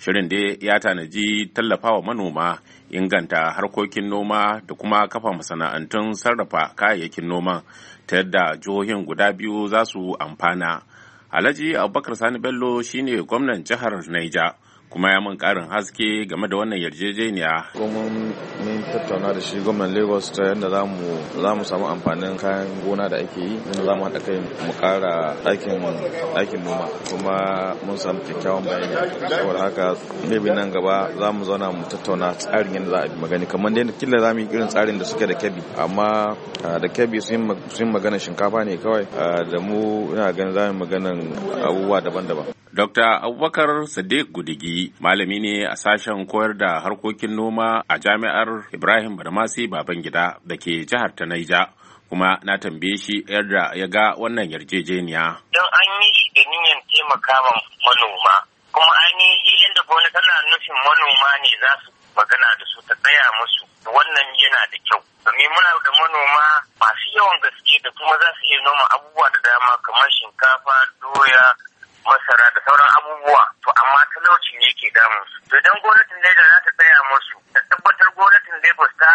Shirin da ya tanaji tallafawa manoma inganta harkokin noma da kuma kafa masana'antun sarrafa kayayyakin noma ta yadda jihohin guda biyu za su amfana. Alhaji Abubakar Sani Bello shine gwamnan jihar Niger. kuma ya mun karin haske game da wannan yarjejeniya. Kuma mun tattauna da shi gwamnan Lagos ta yadda za mu samu amfanin kayan gona da ake yi, yadda za mu haɗa kai mu ƙara aikin noma kuma mun samu kyakkyawan bayani. Saboda haka maybe nan gaba za mu zauna mu tattauna tsarin yadda za a bi magani kamar dai kila za mu yi irin tsarin da suke da kebi amma da kebi sun magana shinkafa ne kawai da mu ina ganin za mu maganan abubuwa daban-daban. Dr. Abubakar Sadiq Gudigi malami ne a sashen koyar da harkokin noma a jami'ar Ibrahim Badamasi Babangida da ke jihar ta Naija. Kuma na tambaye shi yadda ya ga wannan yarjejeniya. Don an yi shi da niyyar taimaka manoma, kuma an shi yadda gona tana nufin manoma ne za su magana da su ta tsaya musu. Wannan yana da kyau. Domin muna da manoma masu yawan gaske da kuma za su iya noma abubuwa da dama kamar shinkafa, doya, masara sauran abubuwa to amma talauci ne ke damun su to idan gwamnatin Niger za ta tsaya musu ta tabbatar gwamnatin Lagos ta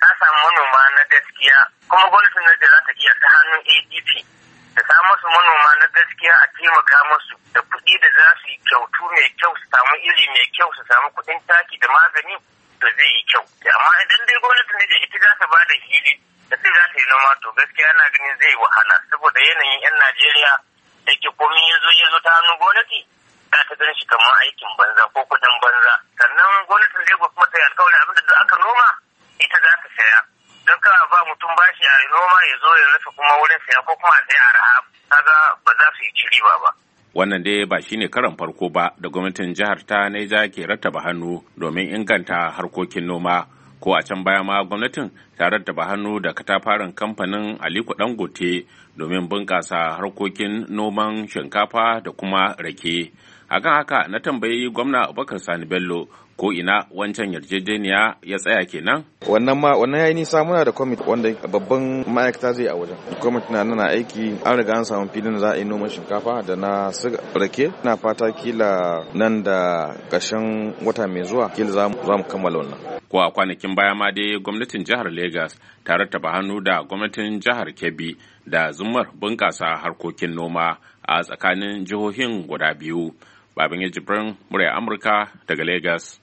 ta samu manoma na gaskiya kuma gwamnatin Niger za ta iya ta hannun ADP da samu su manoma na gaskiya a taimaka musu da kuɗi da za su yi kyautu mai kyau su samu iri mai kyau su samu kuɗin taki da magani to zai yi kyau amma idan dai gwamnatin Niger ita za ta ba da hili da sai za ta yi noma to gaskiya ana ganin zai wahala saboda yanayin 'yan Najeriya da yake komai ya zo ya zo ta hannun gwamnati ta ta gan shi kamar aikin banza ko kudin banza sannan gwamnatin lagos kuma ta yi abin da duk aka noma ita za ta saya don ka ba mutum bashi a noma ya zo ya rasa kuma wurin saya ko kuma a saya arha kaga ba za su yi ciri ba ba wannan dai ba shi ne karan farko ba da gwamnatin jihar ta Naija ke rattaba hannu domin inganta harkokin noma ko a can baya ma gwamnatin ta da hannu da katafaren kamfanin aliko dangote domin bunkasa harkokin noman shinkafa da kuma rake akan haka na tambayi gwamna abubakar sani bello ko ina wancan yarjejeniya ya tsaya kenan wannan ma wannan yayi nisa muna da kwamiti wanda babban ma'aikata zai a wajen kwamiti na nana aiki an riga an samu filin da za a yi noman shinkafa da na rake na fata kila nan da ƙarshen wata mai zuwa kila za mu kammala wannan ko a kwanakin baya ma dai gwamnatin jihar Legas ta rattaba hannu da gwamnatin jihar Kebbi da zumar bunƙasa harkokin noma a tsakanin jihohin guda biyu. Babin Ejibirin, murya Amurka daga Legas.